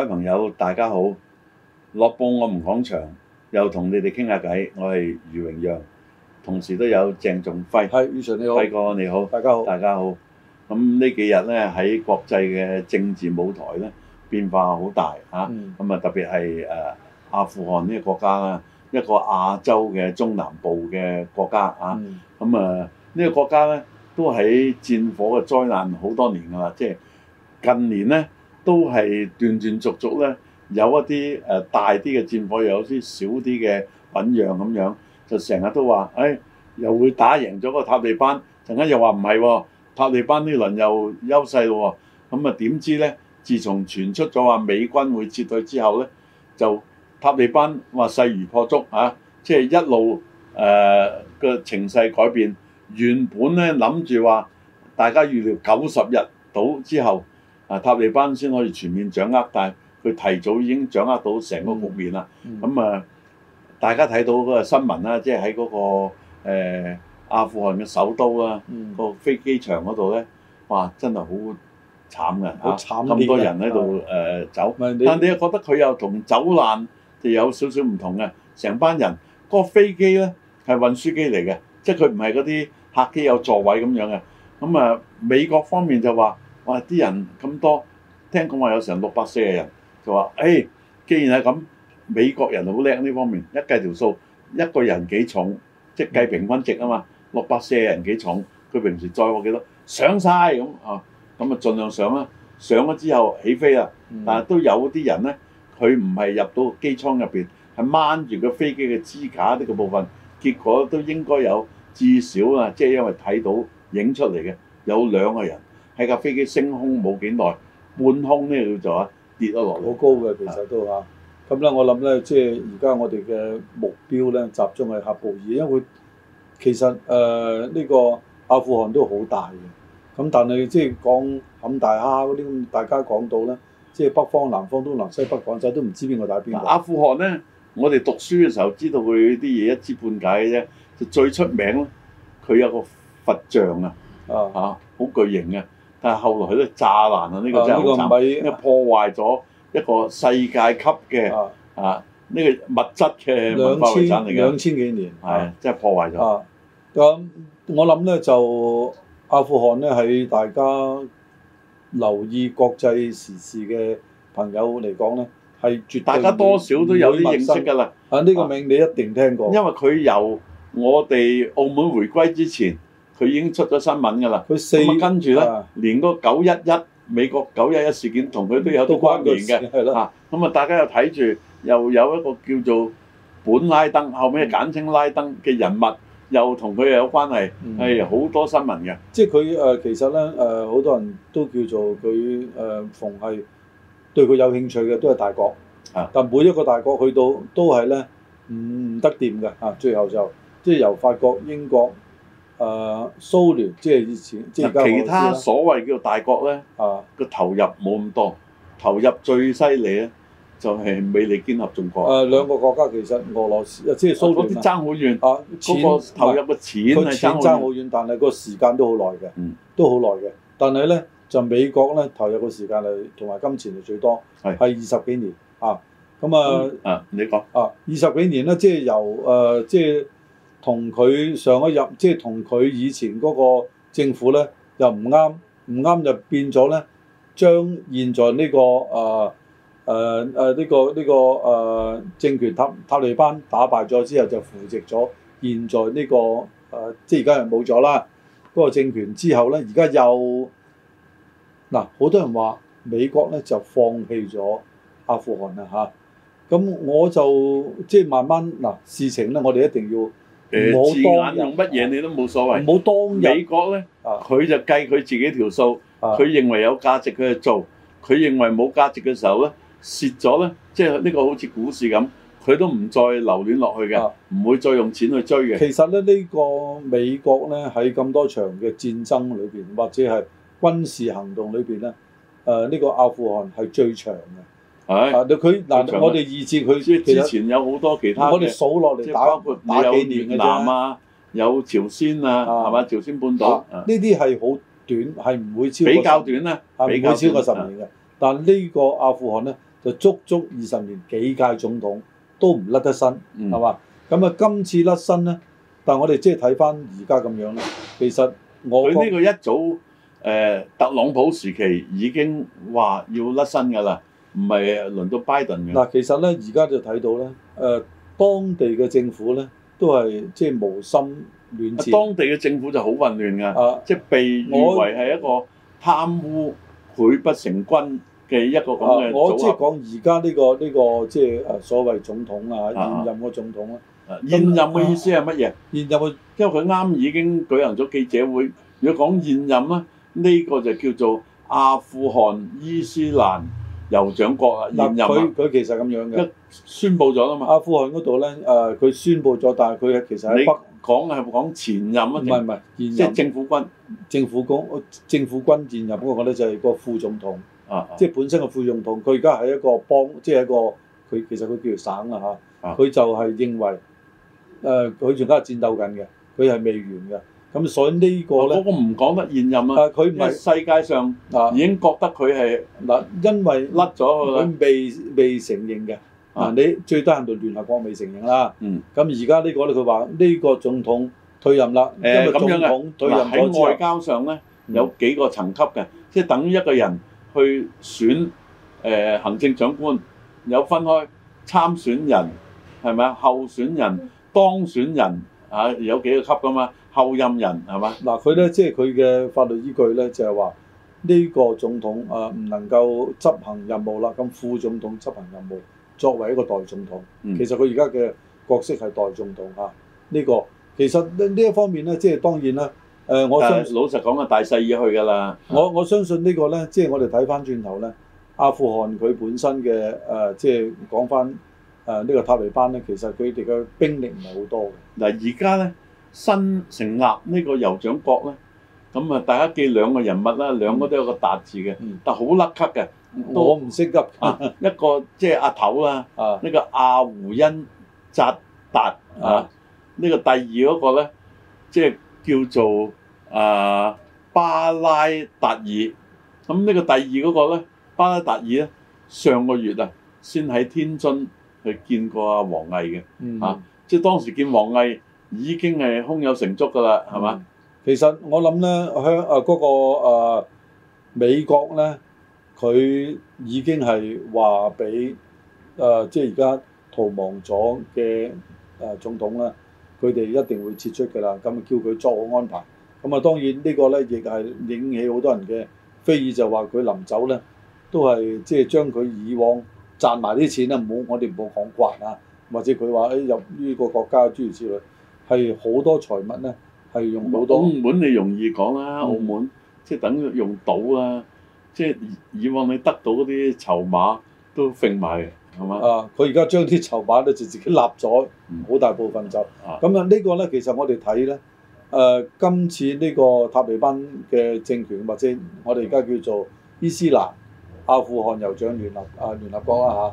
各位朋友，大家好！樂報我唔講場，又同你哋傾下偈。我係余榮陽，同時都有鄭仲輝。Hi，余 Sir 你好，輝哥你好，大家好，大家好。咁呢幾日咧喺國際嘅政治舞台咧變化好大嚇。咁啊、嗯、特別係誒、啊、阿富汗呢個國家啦，一個亞洲嘅中南部嘅國家啊。咁、嗯、啊呢、呢個國家咧都喺戰火嘅災難好多年㗎啦，即係近年咧。都係斷斷續續咧，有一啲誒大啲嘅戰火，又有啲少啲嘅醞釀咁樣，就成日都話，誒、哎、又會打贏咗嗰個塔利班，陣間又話唔係喎，塔利班呢輪又優勢咯喎，咁啊點知呢？自從傳出咗話美軍會撤退之後呢，就塔利班話勢如破竹啊！即、就、係、是、一路誒個、呃、情勢改變，原本呢諗住話大家預料九十日到之後。啊，塔利班先可以全面掌握，但係佢提早已經掌握到成個局面啦。咁啊、嗯嗯，大家睇到個新聞啦，即係喺嗰個、呃、阿富汗嘅首都啊，嗯、個飛機場嗰度咧，哇，真係好慘噶，咁、啊、多人喺度誒走。你但你又覺得佢又同走難就有少少唔同嘅，成班人嗰、嗰個飛機咧係運輸機嚟嘅，即係佢唔係嗰啲客機有座位咁樣嘅。咁啊，美國方面就話。話啲、啊、人咁多，聽講話有成六百四個人，就話，誒，既然係咁，美國人好叻呢方面，一計條數，一個人幾重，即係計平均值啊嘛。六百四個人幾重？佢平時載我幾多？上晒咁啊，咁啊，盡量上啦。上咗之後起飛啦，但係都有啲人呢，佢唔係入到機艙入邊，係掹住個飛機嘅支架呢個部分，結果都應該有至少啊，即、就、係、是、因為睇到影出嚟嘅有兩個人。喺架飛機升空冇幾耐，半空呢叫做啊，跌咗落好高嘅，其實都吓咁咧，我諗咧，即係而家我哋嘅目標咧，集中係喀布爾，因為其實誒呢、呃這個阿富汗都好大嘅。咁但係即係講坎大哈嗰啲，大家講到啦，即係北方、南方、東南西、北西北、廣州都唔知邊個打邊個。阿富汗咧，我哋讀書嘅時候知道佢啲嘢一知半解嘅啫。就最出名佢有個佛像啊，嚇，好巨型嘅。但係後來佢都炸爛啦，呢、這個真係好慘，啊這個、因為破壞咗一個世界級嘅啊呢、啊這個物質嘅遺產嚟嘅。兩千兩千幾年係是啊，即係破壞咗。咁、啊、我諗咧就阿富汗咧，喺大家留意國際時事嘅朋友嚟講咧，係絕對大家多少都有啲認識㗎啦。啊呢個名你一定聽過、啊，因為佢由我哋澳門回歸之前。佢已經出咗新聞噶啦，佢四啊跟住咧，連嗰九一一美國九一一事件同佢都有啲關聯嘅，係咯，咁啊大家又睇住又有一個叫做本拉登，後尾簡稱拉登嘅人物，嗯、又同佢有關係，係好、嗯、多新聞嘅，即係佢誒其實咧誒好多人都叫做佢誒、呃、逢係對佢有興趣嘅都係大國，啊、但每一個大國去到都係咧唔得掂嘅，嚇、嗯嗯嗯、最後就即係由法國、英國。誒蘇聯即係以前，即係其他所謂叫做大國咧，個投入冇咁多，投入最犀利咧就係美利堅合眾國。誒兩個國家其實俄羅斯即係蘇聯嗰啲爭好遠。啊，錢投入嘅錢係爭好遠，但係個時間都好耐嘅，都好耐嘅。但係咧就美國咧投入嘅時間係同埋金錢係最多，係二十幾年啊。咁啊啊，你講啊二十幾年咧，即係由誒即係。同佢上一日即係同佢以前嗰個政府咧又唔啱，唔啱就變咗咧，將現在呢、這個誒誒誒呢個呢個誒政權塔塔利班打敗咗之後，就扶植咗現在呢、這個誒、呃、即係而家又冇咗啦嗰個政權之後咧，而家又嗱好多人話美國咧就放棄咗阿富汗啦吓，咁、啊、我就即係慢慢嗱事情咧，我哋一定要。誒、呃、字眼用乜嘢你都冇所謂。冇好當美國咧，佢、啊、就計佢自己條數，佢、啊、認為有價值佢就做，佢認為冇價值嘅時候咧，蝕咗咧，即係呢個好似股市咁，佢都唔再留戀落去嘅，唔、啊、會再用錢去追嘅。其實咧，呢、呢個美國咧喺咁多場嘅戰爭裏邊，或者係軍事行動裏邊咧，誒、呃、呢、呢個阿富汗係最長嘅。係，佢嗱，我哋預設佢之前有好多其他我哋數落嚟，包括有越南啊，有朝鮮啊，係嘛？朝鮮半島呢啲係好短，係唔會超過比較短啦，唔會超過十年嘅。但呢個阿富汗咧，就足足二十年幾屆總統都唔甩得身，係嘛？咁啊，今次甩身咧，但係我哋即係睇翻而家咁樣咧，其實我呢個一早誒特朗普時期已經話要甩身㗎啦。唔係輪到拜登嘅嗱，其實咧而家就睇到咧，誒當地嘅政府咧都係即係無心戀戰。當地嘅政，政府就好混亂㗎，啊、即係被認為係一個貪污、潰不成軍嘅一個咁嘅組合，啊、我即係講而家呢個呢、呢個即係誒所謂總統啊現任嘅總統啊，現任嘅意思係乜嘢？現任嘅，啊、任因為佢啱已經舉行咗記者會，如果講現任咧，呢、呢個就叫做阿富汗伊斯蘭。嗯酋長國啊現任，佢佢其實咁樣嘅，宣布咗啦嘛。阿富汗嗰度咧，誒、呃、佢宣布咗，但係佢其實喺北港係講前任啊，唔係唔係，即係政,政府軍、政府軍、政府軍現任，我覺得就係個副總統，啊啊、即係本身個副總統，佢而家係一個幫，即係一個佢其實佢叫做省啊嚇，佢、啊、就係認為誒，佢而家係戰鬥緊嘅，佢係未完嘅。咁所以呢個嗰個唔講得現任啦，佢唔係世界上啊已經覺得佢係嗱，因為甩咗佢未未承認嘅。啊，你最低限度聯合國未承認啦。嗯。咁而家呢個咧，佢話呢個總統退任啦，因為總統退任。誒咁樣啊！嗱喺外交上咧，有幾個層級嘅，即係等於一個人去選誒行政長官有分開參選人係咪啊？候選人、當選人啊，有幾個級㗎嘛？後音人係嘛？嗱佢咧，即係佢嘅法律依據咧，就係話呢個總統誒唔、呃、能夠執行任務啦。咁副總統執行任務，作為一個代總統，其實佢而家嘅角色係代總統啊。呢、這個其實呢呢一方面咧，即係當然啦。誒、呃，我相老實講啊，大勢已去㗎啦。我我相信個呢個咧，即係我哋睇翻轉頭咧，阿富汗佢本身嘅誒、呃，即係講翻誒呢個塔利班咧，其實佢哋嘅兵力唔係好多嘅。嗱而家咧。新成立呢個酋長國咧，咁啊大家記兩個人物啦，兩個都有個達字嘅，嗯、但好甩咳嘅。我唔識得一個即係阿頭啦，呢、啊、個阿胡恩扎達啊，呢、啊、個第二嗰個咧，即、就、係、是、叫做啊巴拉達爾。咁呢個第二嗰個咧，巴拉達爾咧，上個月啊，先喺天津去見過阿王毅嘅啊，嗯、即係當時見王毅。已經係胸有成竹㗎啦，係嘛、嗯？其實我諗咧，香啊嗰、嗰個啊美國咧，佢已經係話俾誒，即係而家逃亡咗嘅誒總統咧，佢哋一定會撤出㗎啦。咁叫佢作好安排。咁啊當然個呢個咧亦係引起好多人嘅非議，就話佢臨走咧都係即係將佢以往賺埋啲錢咧，唔好我哋唔好講刮啊，或者佢話誒入呢個國家諸如此類。係好多財物咧，係用好多。澳門你容易講啦，澳門即係等用賭啊，即係以往你得到嗰啲籌碼都揈埋，係嘛？啊！佢而家將啲籌碼咧就自己立咗，好大部分就咁啊！個呢個咧其實我哋睇咧，誒、呃、今次呢個塔利班嘅政權或者我哋而家叫做伊斯蘭阿富汗酋長聯合啊聯合國啦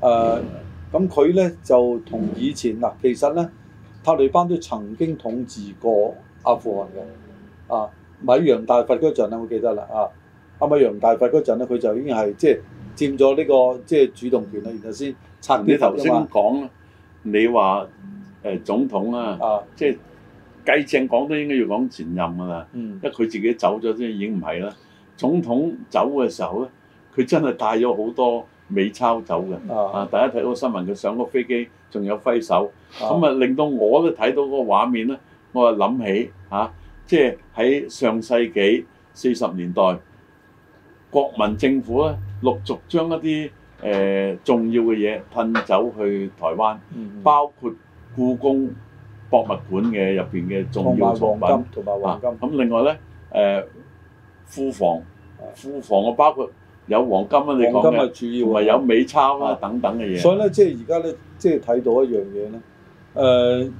嚇，誒咁佢咧就同以前嗱、啊，其實咧。塔利班都曾經統治過阿富汗嘅，啊，米揚大佛嗰陣咧，我記得啦，啊，阿米揚大佛嗰陣咧，佢就已經係即係佔咗呢、這個即係、就是、主動權啦，然後先拆。你頭先講，你話誒總統啊，啊即係計正講都應該要講前任㗎啦，因為佢、嗯、自己走咗先，已經唔係啦。總統走嘅時候咧，佢真係帶咗好多。美抄走嘅啊！大家睇到新聞，佢上個飛機仲有揮手，咁啊令到我都睇到嗰個畫面咧，我就啊諗起嚇，即係喺上世紀四十年代，國民政府咧陸續將一啲誒、呃、重要嘅嘢運走去台灣，嗯、包括故宮博物館嘅入邊嘅重要藏品同埋黃，黃金，咁、啊、另外咧誒庫房庫房我包括。有黃金啊！你講主要埋有，有美鈔啦、啊，啊、等等嘅嘢。所以咧，即係而家咧，即係睇到一樣嘢咧。誒、呃，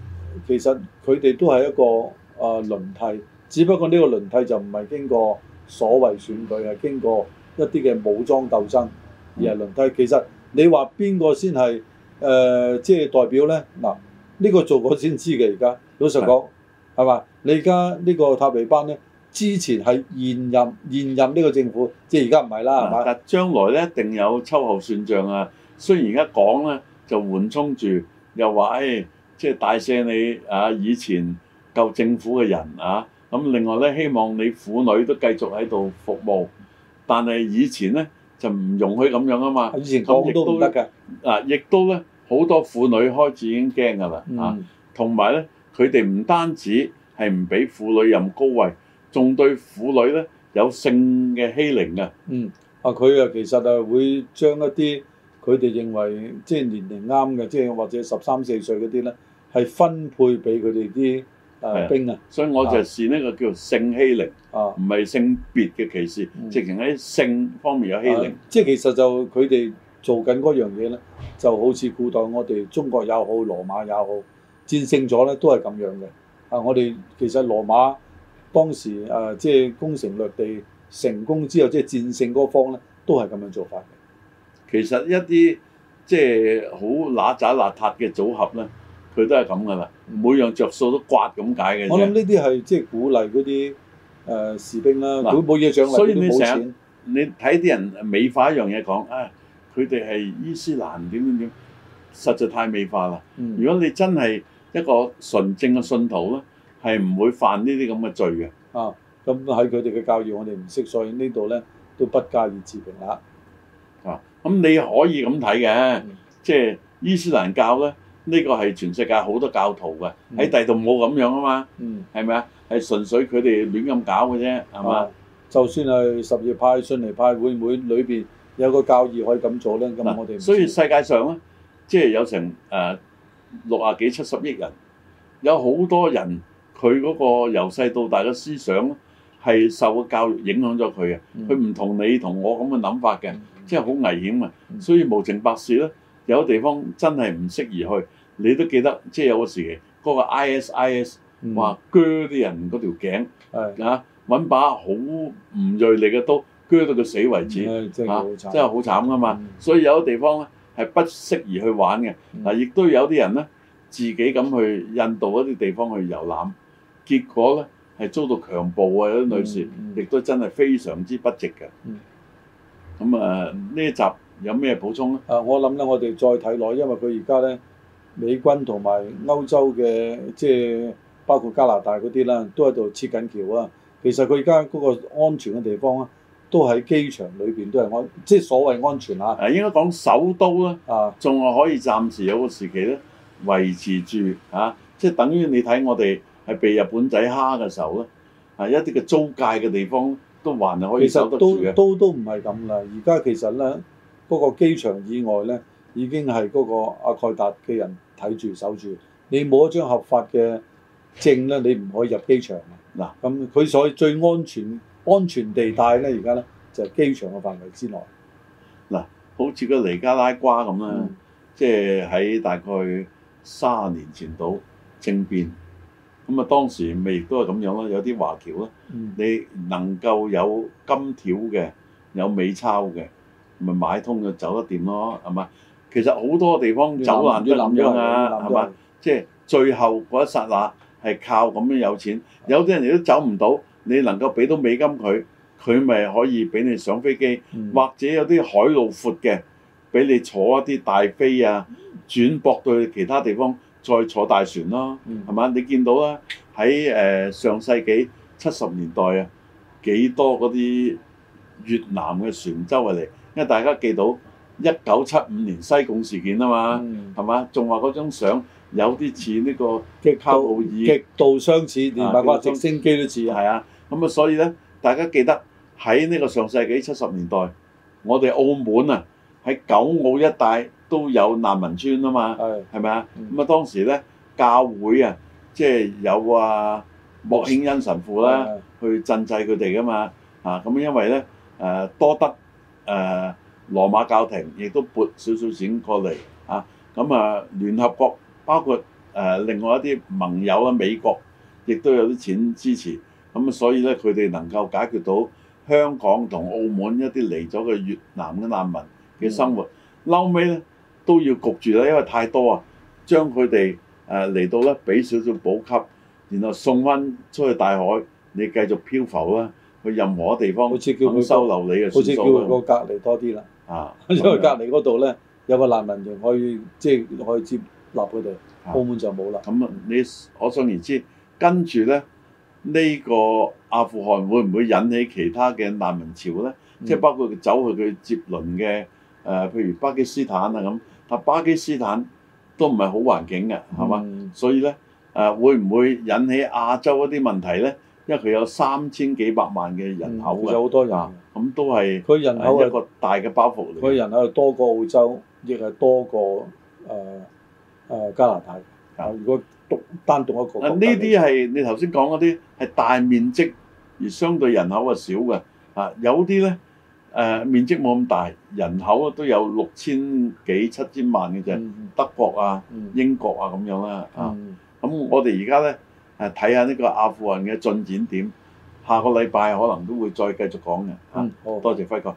其實佢哋都係一個誒、呃、輪替，只不過呢個輪替就唔係經過所謂選舉，係、嗯、經過一啲嘅武裝鬥爭而係輪替。其實你話邊個先係誒即係代表咧？嗱、呃，呢、呢個做過先知嘅而家。老實講，係嘛的？你而家呢個塔利班咧？之前係現任現任呢個政府，即係而家唔係啦，但嘛？將來咧一定有秋後算賬啊！雖然而家講咧就緩衝住，又話誒、哎，即係大赦你啊！以前舊政府嘅人啊，咁、啊、另外咧希望你婦女都繼續喺度服務，但係以前咧就唔容許咁樣啊嘛！以前講都唔得㗎，嗱、啊，亦都咧好多婦女開始已經驚㗎啦，嚇、啊！同埋咧佢哋唔單止係唔俾婦女任高位。仲對婦女咧有性嘅欺凌啊！嗯，啊佢啊其實啊會將一啲佢哋認為即係年齡啱嘅，即係或者十三四歲嗰啲咧，係分配俾佢哋啲兵啊、嗯。所以我就係視呢個叫性欺凌啊，唔係性別嘅歧視，直情喺性方面有欺凌。嗯啊、即係其實就佢哋做緊嗰樣嘢咧，就好似古代我哋中國也好，羅馬也好，戰勝咗咧都係咁樣嘅。啊，我哋其實羅馬。當時啊，即係攻城略地成功之後，即係戰勝嗰方咧，都係咁樣做法嘅。其實一啲即係好揦雜邋遢嘅組合咧，佢都係咁噶啦。每樣着數都刮咁解嘅。我諗呢啲係即係鼓勵嗰啲誒士兵啦。嗱、啊，冇嘢獎勵都冇錢。所以你睇啲人美化一樣嘢講啊，佢哋係伊斯蘭點點點，實在太美化啦。嗯、如果你真係一個純正嘅信徒咧，呢係唔會犯呢啲咁嘅罪嘅啊！咁喺佢哋嘅教義，我哋唔識，所以呢度咧都不加以置評啦啊！咁你可以咁睇嘅，即係伊斯蘭教咧，呢個係全世界好多教徒嘅，喺第度冇咁樣啊嘛，係咪啊？係純粹佢哋亂咁搞嘅啫，係嘛？就算係什葉派、遜尼派會唔會裏邊有個教義可以咁做咧？咁我哋所以世界上咧，即係有成誒六啊幾七十億人，有好多人。佢嗰個由細到大嘅思想係受個教育影響咗佢嘅，佢唔同你同我咁嘅諗法嘅，即係好危險啊！所以無情百事咧，有啲地方真係唔適宜去，你都記得，即係有個時期嗰個 ISIS 話鋸啲人嗰條頸嚇、啊，揾、嗯、把好唔銳利嘅刀鋸到佢死為止、啊，嚇、嗯，即啊、真係好慘噶嘛！所以有啲地方咧係不適宜去玩嘅。嗱，亦都有啲人咧自己咁去印度嗰啲地方去遊覽，結果咧係遭到強暴啊！有啲女士、嗯、亦都真係非常之不值嘅。咁、嗯、啊，呢一集有咩補充咧？啊，我諗咧，我哋再睇耐，因為佢而家咧美軍同埋歐洲嘅，即係包括加拿大嗰啲啦，都喺度切緊橋啊。其實佢而家嗰個安全嘅地方啊，都喺機場裏邊都係安，即係所謂安全啊。啊，應該講首都啦，啊，仲係可以暫時有個時期咧維持住啊，即係等於你睇我哋，係被日本仔蝦嘅時候咯，啊，一啲嘅租界嘅地方都還係可以守得住嘅。其實都都都唔係咁啦，而家其實咧，嗰個機場以外咧，已經係嗰個阿蓋達嘅人睇住守住。你冇一張合法嘅證咧，你唔可以入機場啊！嗱，咁佢所以最安全安全地帶咧，而家咧就係機場嘅範圍之內。嗱，好似個尼加拉瓜咁啦，即係喺大概卅年前度政變。咁啊，嗯、當時咪亦都係咁樣咯，有啲華僑啦，嗯、你能夠有金條嘅，有美鈔嘅，咪買通就走得掂咯，係咪？其實好多地方走難都咁樣啊，係嘛？吧即係最後嗰一剎那係靠咁樣有錢，的有啲人亦都走唔到，你能夠俾到美金佢，佢咪可以俾你上飛機，嗯、或者有啲海路闊嘅，俾你坐一啲大飛啊，轉駁到其他地方。再坐大船咯，係嘛？你見到啦，喺誒上世紀七十年代啊，幾多嗰啲越南嘅船周圍嚟？因為大家記到一九七五年西貢事件啊嘛，係嘛？仲話嗰張相有啲似呢個即係喀布爾極度相似，連埋架直升機都似。係啊，咁啊，所以咧，大家記得喺呢個上世紀七十年代，我哋澳門啊，喺九澳一帶，都有難民村啊嘛，係咪啊？咁、嗯、啊、嗯、當時咧，教會啊，即係有啊莫慶恩神父啦、啊，是的 去賑濟佢哋噶嘛。啊，咁因為咧，誒、啊、多得誒、啊、羅馬教廷亦都撥少少錢過嚟啊，咁啊聯合國包括誒、啊、另外一啲盟友啊，美國亦都有啲錢支持，咁、啊、所以咧佢哋能夠解決到香港同澳門一啲嚟咗嘅越南嘅難民嘅生活。後尾咧。都要焗住啦，因為太多啊，將佢哋誒嚟到咧，俾少少補給，然後送翻出去大海，你繼續漂浮啦，去任何地方。好似叫佢收留你啊，好似叫佢個隔離多啲啦。啊，因為隔離嗰度咧有個難民就可以即係、就是、可以接納佢哋。澳門就冇啦。咁啊，你可想而知，跟住咧呢、呢個阿富汗會唔會引起其他嘅難民潮咧？即係、嗯、包括走去佢接鄰嘅誒，譬、呃、如巴基斯坦啊咁。巴基斯坦都唔係好環境嘅，係嘛？嗯、所以咧，誒、啊、會唔會引起亞洲一啲問題咧？因為佢有三千幾百萬嘅人口，有好、嗯、多人，咁、啊嗯、都係佢人口有一個大嘅包袱，佢人口係、啊、多過澳洲，亦係多過誒誒、呃呃、加拿大。啊，如果獨單獨一個，呢啲係你頭先講嗰啲係大面積而相對人口係少嘅。啊，有啲咧。呃、面積冇咁大，人口都有六千幾七千萬嘅啫。嗯、德國啊、嗯、英國啊咁樣啦啊。咁、嗯、我哋而家呢，誒睇下呢個阿富汗嘅進展點。下個禮拜可能都會再繼續講嘅。啊、嗯，多謝輝哥。